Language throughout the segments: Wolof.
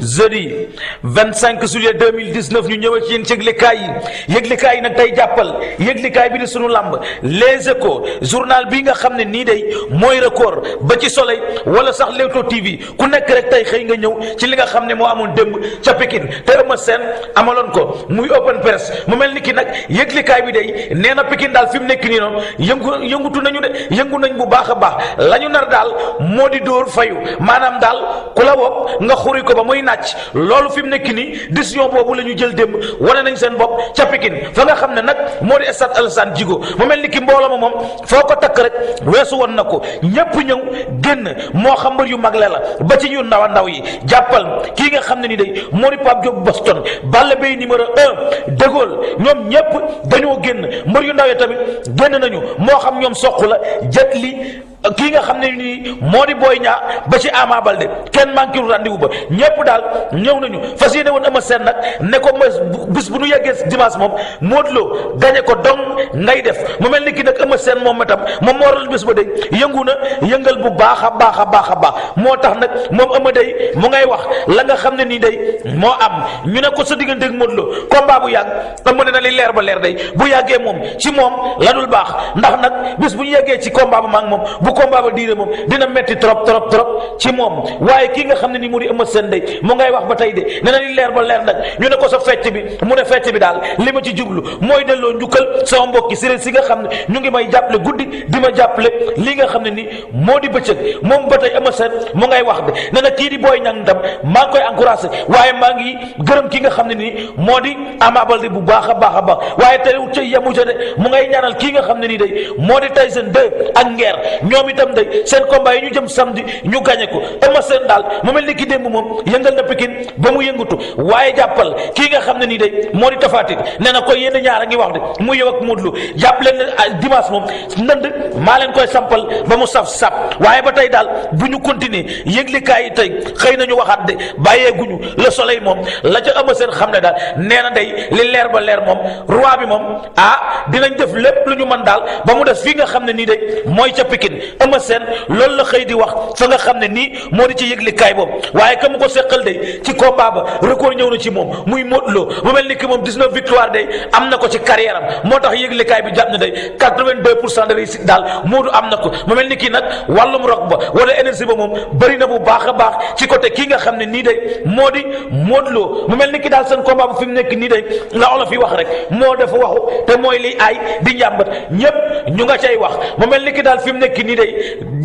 jeudi 25 juillet 2019 ñu ñëwee ci yéen ci yëglikaay yi yëglikaay yi nag tey jàppal yëglikaay bi di sunu làmb Les Échos journal bii nga xam ne nii day mooy record ba ci soleil wala sax Leewtoo TV ku nekk rek tey xëy nga ñëw ci li nga xam ne moo amoon démb ca Pikine te Eumeu Sène amaloon ko muy open press mu mel ni ki nag yëglikaay bi day nee na Pikine daal fi mu nekk nii noonu yëngu yëngutu nañu de yëngu nañ bu baax a baax la ñu nar daal moo di dóor fayu maanaam daal ku naaj loolu fi mu nekk nii décision boobu la ñu jël démb wane nañ seen bopp ca Pikine fa nga xam ne nag moo di stade Alassane Djigo mu mel ni ki mbooloo ma moom foo ko takk rek weesu woon na ko ñëpp ñëw génn moo xam mbër yu mag la la ba ci ñu ndaw ndaw yi jàppal kii nga xam ne ni day moo di Pape Diop Boston Balla Beye numéro un De Gaulle ñoom ñëpp dañoo génn mbër yu ndaw yi tamit génn nañu moo xam ñoom soq la kii nga xam ne nii moo di booy Niang ba ci Ama Baldé kenn manqué lu rendez-vous ba ñëpp daal ñëw nañu fas yéene woon Eumeu seen nag ne ko mooy bis bu nu yeggee dimaas moom Modou Lo gañe ko dong ngay def mu mel ni ki nag Eumeu Sène moom itam moom moo waral bis ba de yëngu na yëngal bu baax a baax a baax a baax moo tax nag moom Eumeu day mu ngay wax la nga xam ne nii day moo am ñu ne ko sa diggante ak Modou Lo bu yàgg Eumeu ne na li leer ba leer day bu yàggee moom ci moom lanul baax ndax nag bis bu ñu yeggee ci combat bu mag combat ba diire moom dina metti trop trop trop ci moom waaye kii nga xam ne ni mu di Eumeu Sène day mu ngay wax ba tey de nee na leer ba leer nag ñu ne ko sa fecc bi mu ne fecc bi daal li ma ci jublu mooy delloo njukkal sama mbokki séréer si nga xam ne ñu ngi may jàppale guddi di ma jàppale li nga xam ne ni moo di bëccëg moom ba tey Eumeu Sène mu ngay wax de nee na kii di booy Niang tam maa ngi koy encouragé waaye maa ngi gërëm ki nga xam ne nii moo di Ama Baldé bu baax a baax a baax waaye tey ca yemu ca de mu ngay ñaanal kii nga xam ne nii day moo di Tyson 2 ak ngeer ñoom itam day seen combat yi ñu jëm samedi ñu gagné ko Eumeu Sène daal mu mel ni ki démb moom yëngal na Pikine ba mu yëngatu waaye jàppal kii nga xam ne nii day moo di Tapha Tine ko yéen ñaar a ngi wax mu yow ak Modou Lo jàpp leen ne ah, dimanche moom ndënd maa leen koy sampal ba mu saf sap waaye ba tey daal bu ñu continuer yëglikaay yi tey xëy nañu waxaat de bàyyeeguñu le soleil la ca Eumeu ne daal nee na day li leer ba leer moom roi bi moom ah dinañ def lépp lu ñu mën daal ba mu des fii nga xam ne nii day mooy ca Pikine Eumeu Sène loolu la xëy di wax fa nga xam ne nii moo di ci yëglikaay boobu waaye ka mu ko seqal day ci combat ba record ñëw na ci moom muy Modou Lo mu mel ni bi jàpp na day 82 pour cent de réussite daal Modou am na ko mu mel ni kii nag wàllum rock ba wala énergie ba moom bëri na bu baax a baax ci côté kii nga xam ne nii day moo di Modou Lo mu mel ni ki daal seen combat bu fi mu nekk nii day la olof yi wax rek moo dafa waxu te mooy liy aay di njàmbat ñëpp ñu nga cay wax mu mel ni ki daal fi nekk nii day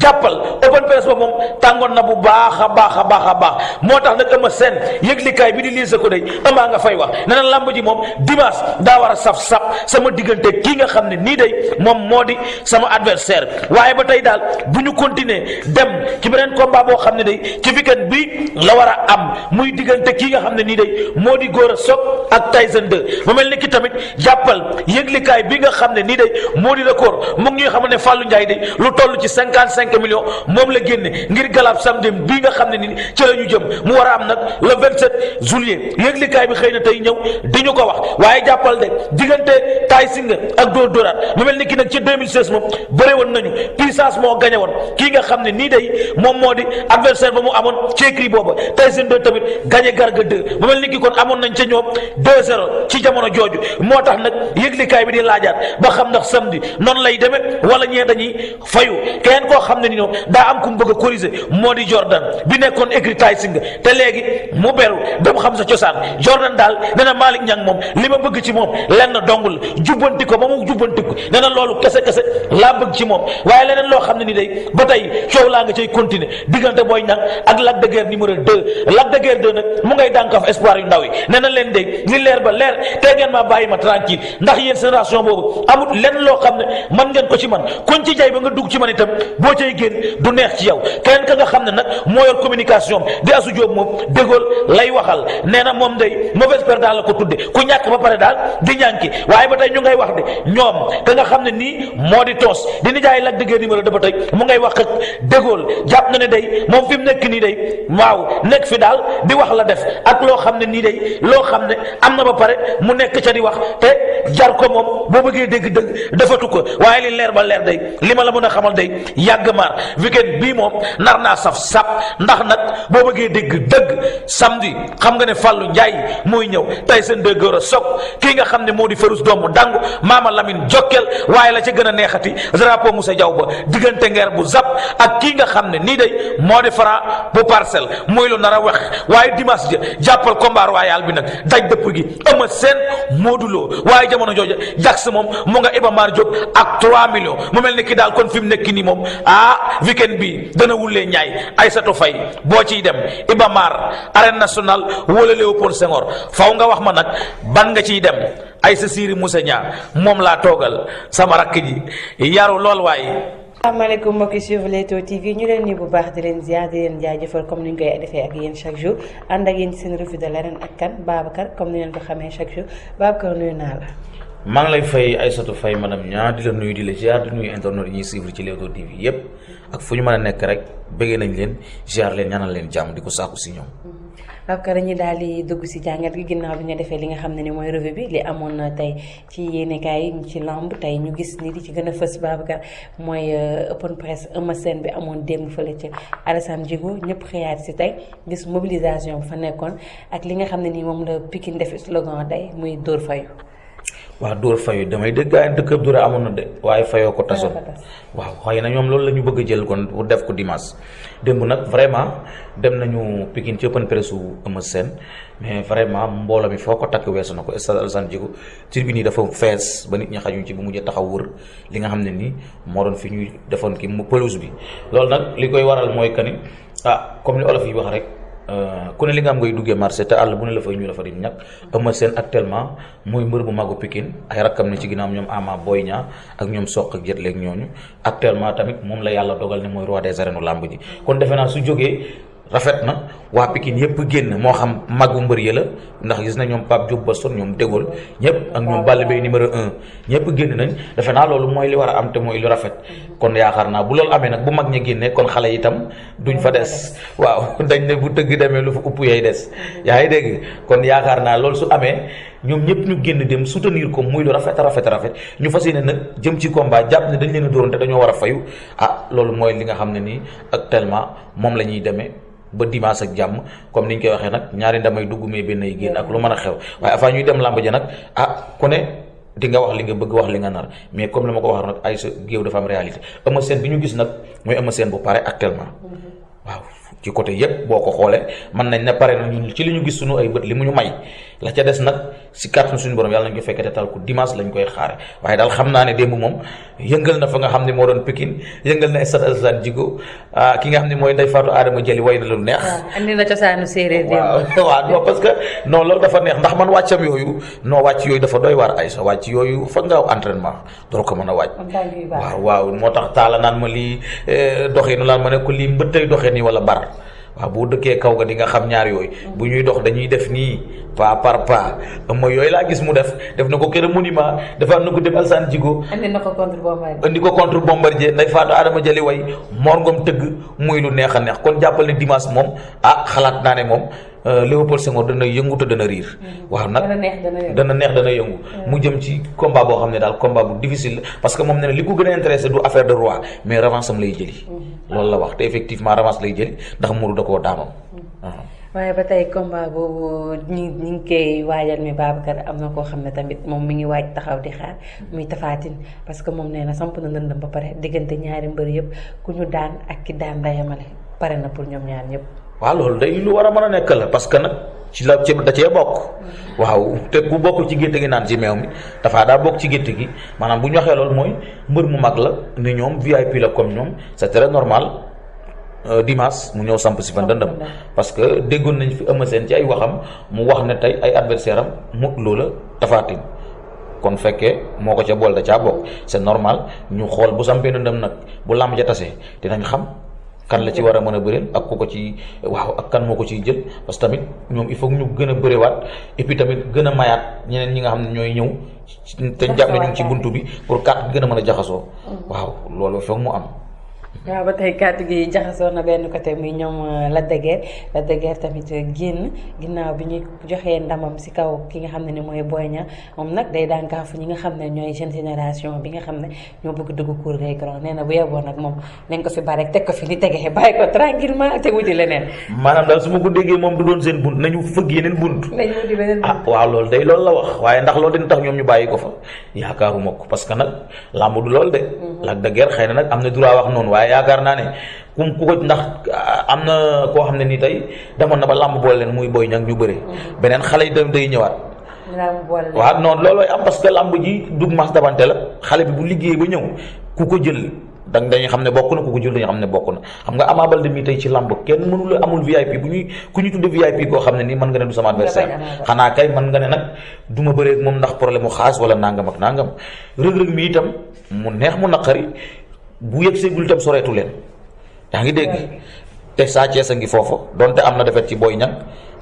jàppal open press ba moom tàngoon na bu baax a baax a baax a baax moo tax nag ëma seen yëglikaay bi di liise ko day ëmaa nga fay wax ne na làmb ji moom dimanche daa war a saf-sap sama diggante kii nga xam ne nii day moom moo di sama adversaire waaye ba tey daal bu ñu continuer dem ci beneen combat boo xam ne day ci bi la war a am muy diggante kii nga xam ne nii day moo di góor a soog ak Tyson 2 mu mel ni ki tamit jàppal yëglikaay bi nga xam ne nii day moo di record mu ngi ñuy xam ne Fallou Ndiaye day lu toll ci cinquante cinq millions moom la génne ngir galaab samedi bii nga xam ne ni ci la ñu jëm mu war a am nag le vingt sept juillet yëglikaay bi xëy na tey ñëw di ñu ko wax waaye jàppal de diggante taay singa ak dóor dóoraat mu mel ni ki nag ci 2016 moom bëre woon nañu puissance moo gañe woon kii nga xam ne nii day moom moo di adversaire ba mu amoon ci écrit booba tay seen deux tamit gañe garga deux mu mel ni ki kon amoon nañ ca ñoom deux ci jamono jooju moo tax nag yëglikaay bi di laajaat ba xam ndax samedi noonu lay demee wala ñee dañuy fayu keneen koo xam ne ni ñoom daa am ku mu bëgg a corriger moo di Jordan bi nekkoon écrit tay singa te léegi mu beru dama xam sa cosaan Jordan daal nee na Malick Niang moom li ma bëgg ci moom lenn dong la jubbanti ko ba mu jubbanti ko nee na loolu kese kese laa bëgg ci moom waaye leneen loo xam ne ni day ba tey coow laa nga cay continuer diggante Boy Niang ak Lac de Guiers numéro 2 Lac de Guiers 2 nag mu ngay dànkaaf espoir yu ndaw yi nee na leen day li leer ba leer te ngeen maa bàyyi ma tranquille ndax yéen génération boobu amul lenn loo xam ne man ngeen ko ci man kuñ itam boo cay génn du neex ci yow keneen ka nga xam ne nag moo yor communication di asu jóob moom dégool lay waxal nee na moom day mauvaise perte daal la ko tudde ku ñàkk ba pare daal di ñànki waaye ba tey ñu ngay wax de ñoom ka nga xam ne nii moo di toos di nijaay lak dëggee numéro da ba tey mu ngay wax ak dégool jàpp na ne day moom fi nekk nii day waaw nekk fi daal di wax la def ak loo xam ne nii day loo xam ne am na ba pare mu nekk ca di wax te jar ko moom boo bëggee dégg dëgg defatu ko waaye li leer ba leer day li ma la mën a xamal day yàgg maar bii moom nar naa saf sap ndax nag boo bëggee dégg dëgg samedi xam nga ne Fallou njaay mooy ñëw tey seen dëggër a soog kii nga xam ne moo di Ferus doomu dangu maama Lamine Jokkel waaye la ca gën a neexati drapeau Moussa Diaw ba diggante ngeer bu zap ak kii nga xam ne nii day moo di Franc bu parcelle muy lu nar a wex waaye dimanche ja jàppal combat royal bi nag daj dëpp gi ëmma seen mooduloo waaye jamono jooja jax moom mu nga Iba Mar Diop ak 3 millions mu mel ni ki daal kon fi mu nekk nii moom ah weekend bi dana wullee ñaay Aïssatou Faye boo ciy dem Iba Mar arène nationale wala Léopold Senghor faw nga wax ma nag ban nga ciy dem ay sa Siri Moussa Niang moom laa toogal sama rakk ji yaru lool waaye asalaamaaleykum mbokk yi suivre Leewtoo TV ñu leen nuyu bu baax di leen ziar di leen jaajëfal comme ni ñu koy defee ak yéen chaque jour ànd ak yéen seen revue de l'arène ak kan Babacar comme ni leen ko xamee chaque jour Babacar nuyu naa la. maa ngi lay fay Aïssatou Faye madame ñaa di la nuyu di la ziar di nuyu internet yi ñuy suivre ci Leewtoo TV yépp ak fu ñu mën a nekk rek bëggee nañ leen ziar leen ñaanal leen jàmm di ko saaku si ñoom. Mm-hmm. ka dañuy daal di dugg si jàngat gi ginnaaw bi nga defee li nga xam ne ni mooy revue bi li amoon tey ci yéenekaay yi ci lamb tey ñu gis ni di ci gën a fës Babacar mooy euh, open press Eumeu bi amoon démb fële ci Alassane Djigo ñëpp xëyaat si tey gis mobilisation fa nekkoon ak li nga xam ne ni moom la Pikine def slogan tey muy dóor fayu waaw dóor fayu damay dégg gaa yi dëkk dóor amoon na de waaye fayoo ko tasoon waaw xëy na ñoom loolu la ñu bëgg a jël kon pour def ko dimanche démb nag vraiment dem nañu Pikine ci open press u Eumeu seen mais vraiment mbooloo mi foo ko takk weesu na ko stade Alassane Djigo tribune yi dafa fees ba nit ñi xajuñ ci bu mujj taxaw wër li nga xam ne nii moo doon fi ñuy defoon ki pelouse bi loolu nag li koy waral mooy que ni ah comme ni olof yi wax rek Euh, ku ne li nga am ngay duggee marché te àll bu ne la fay ñu la fa rim ñàkk Eumeu Sène actuellement mooy mbër bu magu Pikine ay rakkam ne ci ginnaaw ñoom Ama Boy Niang ak ñoom Sokh ak Jetleeg ñooñu actuellement tamit moom la yàlla dogal ne mooy roi des arènes lamb ji kon defe naa su jógee rafet na waa Pikine yëpp génn moo xam magu mbër yi la ndax gis na ñoom Pape Diop Boston ñoom Dégol ñëpp ak ñoom Balla Beye numéro un ñëpp génn nañ defe naa loolu mooy li war a am te mooy lu rafet kon yaakaar naa bu loolu amee nag bu mag ña génnee kon xale itam duñ fa des waaw dañ ne bu tëgg demee lu fa upp yay des yaa ngi dégg kon yaakaar naa loolu su amee ñoom ñëpp ñu génn dem soutenir ko muy lu rafet rafet rafet ñu fa yéene nag jëm ci combat jàpp ne dañ leen a dóoroon te dañoo war a fayu ah loolu mooy li nga xam ne nii actuellement moom la ñuy demee ba dimanche ak jàmm comme ni ñu koy waxee nag ñaari ndamay dugg mais benn ay génn ak lu mën a xew waaye avant ñuy dem làmb ja nag ah ku ne di nga wax li nga bëgg wax li nga nar mais comme la ma ko waxoon nag ay sa géew dafa am réalité Eumeu Sène bi ñu gis nag mooy Eumeu Sène bu pare actuellement waaw ci côté yëpp boo ko xoolee mën nañ ne pare ci li ñu gis sunu ay bët li mu ñu may la ca des nag si kàttanu suñu borom yàlla nañ ko fekkete tal ku dimanche lañ koy xaare waaye daal xam naa ne démb moom yëngal na fa nga xam ne moo doon Pikine yëngal na stade ah, ki nga xam ne mooy Ndeye Fatou Adama Diallo way na lu neex. na cosaanu séeréer démb. waaw non parce que non loolu dafa neex yooyu non wàcc yooyu dafa doy waar ay sa wàcc yooyu fa nga entraînement doo ko mën a wàcc. waaw waaw moo tax taala naan ma lii eh, doxinu naan ma ne ko lii mbëttay doxin yi wala bar waaw boo dëkkee kaw ga di nga xam ñaar yooyu mm. bu ñuy dox dañuy def nii pas par pas mooy yooyu laa gis mu def def na ko kër monument dafa am na ko dem Alsaan Jigo andi na ko contre Bombardier andi ko contre Bombardier nday Faatu Adama Jali way Mor Ngom tëgg muy lu neex a neex kon jàppal ne dimanche moom ah xalaat naa ne moom Euh, Léopold Senghor dana yëngu te dana riir. Mm. waaw nag dana neex dana yëngu mm. mu jëm ci combat boo xam ne daal combat bu difficile parce que moom ne li ko gën a intéressé mm. la wax te effectivement lay jëli ndax muru da koo daamam. Uh-huh. waaye ba tey combat boobu ñu ñu ngi koy waajal mi Babacar am na koo xam ne tamit moom mi ngi waaj taxaw di xaar muy tafaatin parce que moom nee na samp na ndëndam ba pare diggante ñaari mbër yëpp ku ñu daan ak ki daan dayamale pare na pour ñoom ñaar ñëpp. waaw loolu day lu war a mën a nekk la parce que nag ci la ci da cee bokk waaw te ku bokkul ci gétt gi naan ci meew mi dafaa daa bokk ci gétt gi maanaam bu ñu loolu mooy mbër mu mag la ni ñoom VIP ñoom c'est très normal euh, mu ñëw samp si fan dëndam parce que déggoon nañ fi Eumeu seen ci ay waxam mu wax ne tey ay adversaire am Modou Lo la kon fekkee moo ko ca bool da caa bokk c'est normal ñu xool bu sampee dëndam nag bu làmb ja tasee dinañ xam kan la ci war a mën a bëreel ak ku ko ci waaw ak kan moo ko ciy jël parce que tamit ñoom il faut ñu gën a bërewaat et puis tamit gën a mayaat ñeneen ñi nga xam ne ñooy ñëw te jàpp ne ñu ngi ci bunt bi pour carte gën a mën a jaxasoo mm. waaw loolu foog mu am waaw ba tey kàddu gi jaxasoo na benn côté muy ñoom euh, Lac de la Lac de Guiers tamit euh, génn ginnaaw bi ñu joxee ndamam si kaw ki nga xam ne ni mooy Boy Niang moom nag day daan daankaafu ñi nga xam ne ñooy jeune génération bi nga xam ne ñoo bugg dugg cour des grands nee na bu yeboo nag moom nañ ko fi bare teg ko fi ni tegee bàyyi ko tranquillement te wuti leneen ma ko moom du doon seen bunt nañu fëgg yeneen bunt nañu ah, loolu day loolu la wax waaye ndax loolu dina tax ñoom ñu bàyyi ko fa yaakaaruma ko parce que nag làmb du lool de mm-hmm. Lac de Guiers xëy na nag am wax noonu gars yaakaar naa ne ku ko ndax am na koo xam ne nii tey demoon na ba làmb boole leen muy boy ñang ñu bëre. Mm-hmm. beneen xale yi tamit day ñëwaat. waaw noonu loolooy am parce que làmb ji dug mas dabante la xale bi bu liggéey ba ñëw ku ko jël. dang dañuy xam ne bokk na ku ko jël dañu xam ne bokk na xam nga Ama Baldé mi tey ci lamb kenn mënula amul VIP bu ñuy ku ñu tudde VIP koo xam ne nii man nga ne du sama adversaire xanaa kay man nga ne nag du ma bëreeg moom ndax problème mu xaas wala nangam ak nangam bu yëg seegul itam soreetu leen yaa ngi dégg te Sa Thiès a ngi foofu donte am na defet ci booy ñan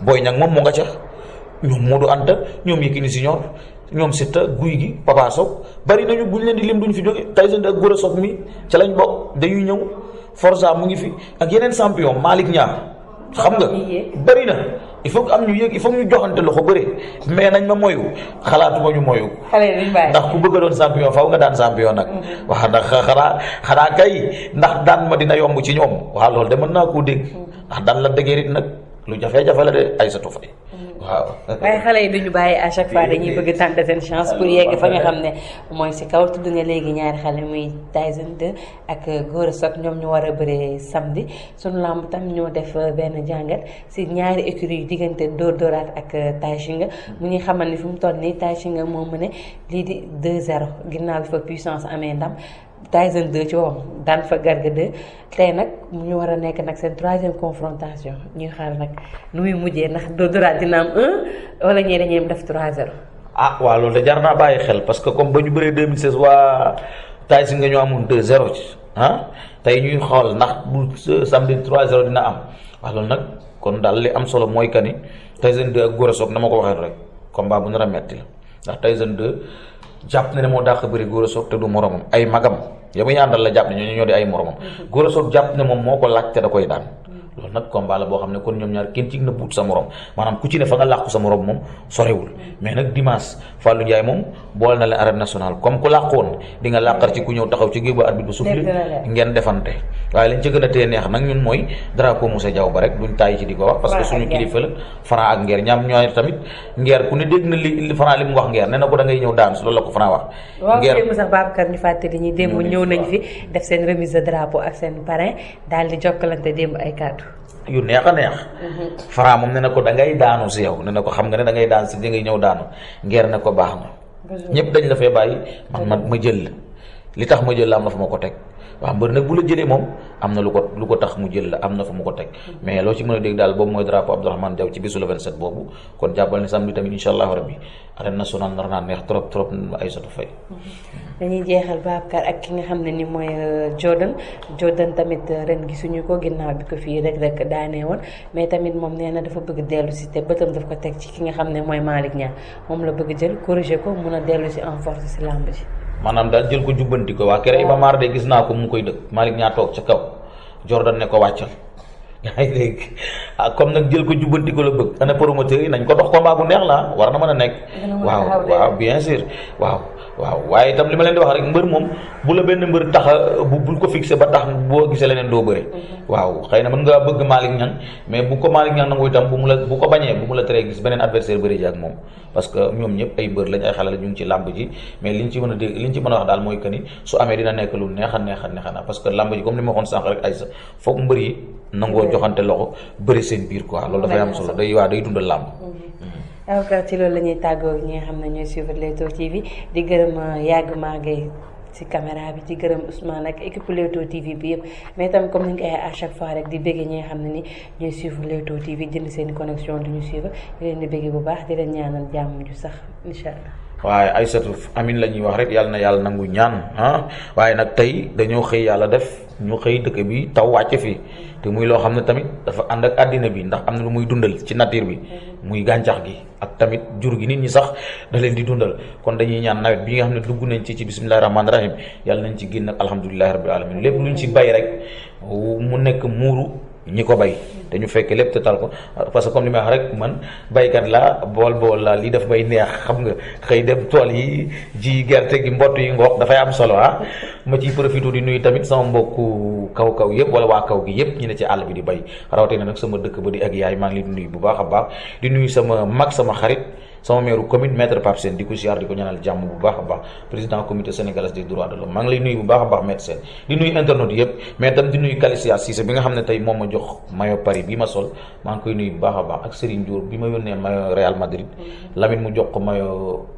booy Niang moom mu nga ca ñoom Modou Anta ñoom Yékini Junior ñoom Siteu guy gi Papa Sow bari nañu bu leen di lim duñu fi jóge Tyson ak Gora Sock mi ca lañ bokk dañuy ñëw Forza mu ngi fi ak yeneen champion Malick Niang xam nga bari na il faut am ñu yëg il faut ñu joxante loxo bëre mais nañ ma moyu xalaatuma ñu moyu ndax ku bëgg a doon champion faw nga daan champion nag mm-hmm. waaw ndax xanaa xanaa kay ndax daan ma dina yomb ci ñoom waaw loolu de naa koo dégg mm-hmm. ndax daan la dëgërit nag lu jafe-jafe la de ay sa tufay mm. waaw waaye xale yi duñu bàyyi à chaque fois dañuy bëgg tenter seen chance pour yegg fa nga xam ne mooy si kaw tudd nga léegi ñaari xale muy Tyson 2 ak Gora Sock ñoom ñu war a bëre samedi sunu làmb tam ñoo def benn jàngat si ñaari écurie yu diggante Dóor Dóoraat ak nga mu ngi xamal ni fi mu toll nii nga moo mu ne lii di 2-0 ginnaaw bi fa puissance amee ndam Tyson 2 ci waxam daan fa Garga 2 tey nag mu ñu war a nekk nag seen troisième confrontation ñuy xaar nag nu muy mujjee ndax doodoraat dina am 1 wala ñee def 3-0. ah waaw loolu de jar naa bàyyi xel parce que comme ba ñu bëree 2016 waa Tyson nga ñu amoon 2-0 ci ah tey ñuy xool ndax bu samedi 3-0 dina am waaw loolu nag kon daal li am solo mooy que ni Tyson 2 ak Gora Sock na ma ko waxee rek combat bu nar a metti la ndax Tyson 2 na ne moo bëri Gora Sock te du moromam ay magam. ya muy àndal la jàpp ne ñoo ñoo di ay moromam. Mm-hmm. góor a soog jàpp ne moom moo ko laajte te da koy daan. loolu nag combat la boo xam ne kon ñoom ñaar kenn ci na buut sa morom maanaam ku ci ne fa nga làqu sa morom moom sorewul mais nag dimanche Fallou Ndiaye moom boole na leen arène nationale comme ku làqu woon nga làqar ku ñëw taxaw ci géew ba arbitre bu ngeen defante a neex nag ñun mooy drapeau Moussa Diaw ba rek ko wax parce que suñu kilifa la Franc ak Nguer ñaam ñooy ku ne dégg na li mu wax Nguer nee na ko da ngay ñëw daan su loolu la ko Franc wax Nguer waaw sax Babacar ñu fàttali ñi démb ñëw nañ fi def seen remise de drapeau ak seen parrain daal di jokkalante démb ay kàddu yu neex a neex. Mm-hmm. Fra moom ne ko dangay ngay daanu si yow ne na ko xam nga ne da ngay daan si da ngay ñëw daanu ngeer ne ko baax na. ñëpp dañ la fay bàyyi man ma ma jël li tax ma jël la am na ma ko teg. waaw mbër nag bu la jëlee moom am na lu ko lu ko tax mu jël la am na fu mu ko teg mm-hmm. mais loo ci mën a dégg daal boobu mooy drapeau Abdourahmane Diaw ci bisu le 27 boobu kon jàppal ne samedi tamit incha allahu rabbi arène nationale nar naa neex trop trop ay sotu fay mm-hmm. dañuy jeexal Babacar ak ki nga xam ne ni mooy euh, Jordan Jordan tamit euh, ren gi suñu ko ginnaaw bi ko fii rek rek daanee woon mais tamit moom nee na dafa bëgg dellu si te bëtam daf ko teg ci ki nga xam ne mooy Malick Niang moom la bëgg jël corriger ko mun a dellu si en force si lamb ji maanaam daal jël ko jubbanti ko waa kere Iba maar de gis naa ko mu koy dëkk Malick ñaa toog ca kaw Jordan ne ko wàccal yaa ngi dégg ah, comme nag jël ko jubbanti ko la bëgg ana promoteur yi nañ ko dox combat bu neex la war na mën a nekk waaw waaw bien sûr waaw waaw waaye itam li ma leen di wax rek mbër moom bu la benn mbër tax bu bul ko fixé ba tax boo gisee leneen doo bëre. waaw xay na mën ngaa bëgg Malick Niang mais bu ko Malick Niang nangu itam bu mu la bu ko bañee bu mu la teree gis beneen adversaire bëri ji ak moom parce ñoom ñëpp ay mbër lañ ay xale la ñu ngi ci làmb ji mais liñ ci mën a dégg liñ ci mën a wax daal mooy que ni su amee dina nekk lu neex a neex a neex a parce làmb ji comme li ma waxoon biir quoi loolu dafay am solo day waa day dundal alors ci loolu la ñuy tàggoo ñi nga xam ne ñooy suivre Leewtoo TV di gërëm yàgg maa ngay ci caméra bi di gërëm Ousmane ak équipe Leewtoo TV bi yëpp mais tam comme ni ñu à chaque fois rek di bëggee ñi nga xam ne ni ñooy suivre Leewtoo TV jënd seen connexion du ñu suivre di leen di bëggee bu baax di leen ñaanal jàmm ju sax incha waaye Aysatu amin la ñuy wax rek yàlla na yàlla nangu ñaan ah waaye nag tey dañoo xëy yàlla def ñu xëy dëkk bi taw wàcc fii te muy loo xam ne tamit dafa ànd ak àddina bi ndax am na lu muy dundal ci nature bi muy gàncax gi ak tamit jur gi nit ñi sax da leen di dundal kon dañuy ñaan nawet bi nga xam ne dugg nañ ci ci bisimilahi rahmaani rahim yàlla nañ ci génn ak alhamdulilahi rabil alamin lépp luñ ci bay rek mu nekk muuru ñi ko bay dañu ñu fekkee lépp te tal ko parce que comme li rek man baykat la bool bool laa lii daf may neex xam nga xëy dem tool yi ji gerte gi mbott yi ngoox dafay am solo ah ma ci profité di nuyu tamit sama mbokku kaw kaw yëpp wala waa kaw gi yëpp ñu ne ci àll bi di bay rawatina nag sama dëkk ba di ak yaay maa ngi leen nuyu bu baax a baax di nuyu sama mag sama xarit. sama meeru commune maître Pape Sène di ko ziar di ko ñaanal jàmm bu baax a baax président comité sénégalais des droits de l'homme maa ngi lay nuyu bu baax a baax maître di nuyu internautes yëpp mais tam di nuyu ma jox maillot Paris bi ma sol maa ngi koy nuyu bu baax a baax ak Serigne Diour ma yónnee maillot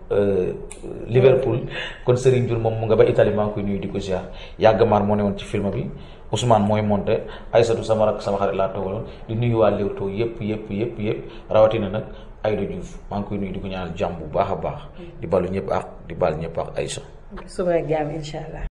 Real euh, kon Serigne Diour moom mu nga ba Italie maa ngi koy nuyu di ko ziar yàgg moo ne woon ci film bi Ousmane mooy monté Aïssatou sama rak sama xarit laa toogaloon di nuyu waa Leewtoo yëpp yëpp yëpp yëpp rawatina nag Aïda Diouf maa ngi koy nuyu di ko ñaanal jàmm bu baax a baax. Mm. di balu ñëpp ak di bal ñëpp ak Aïssa. suba ak jàmm incha allah.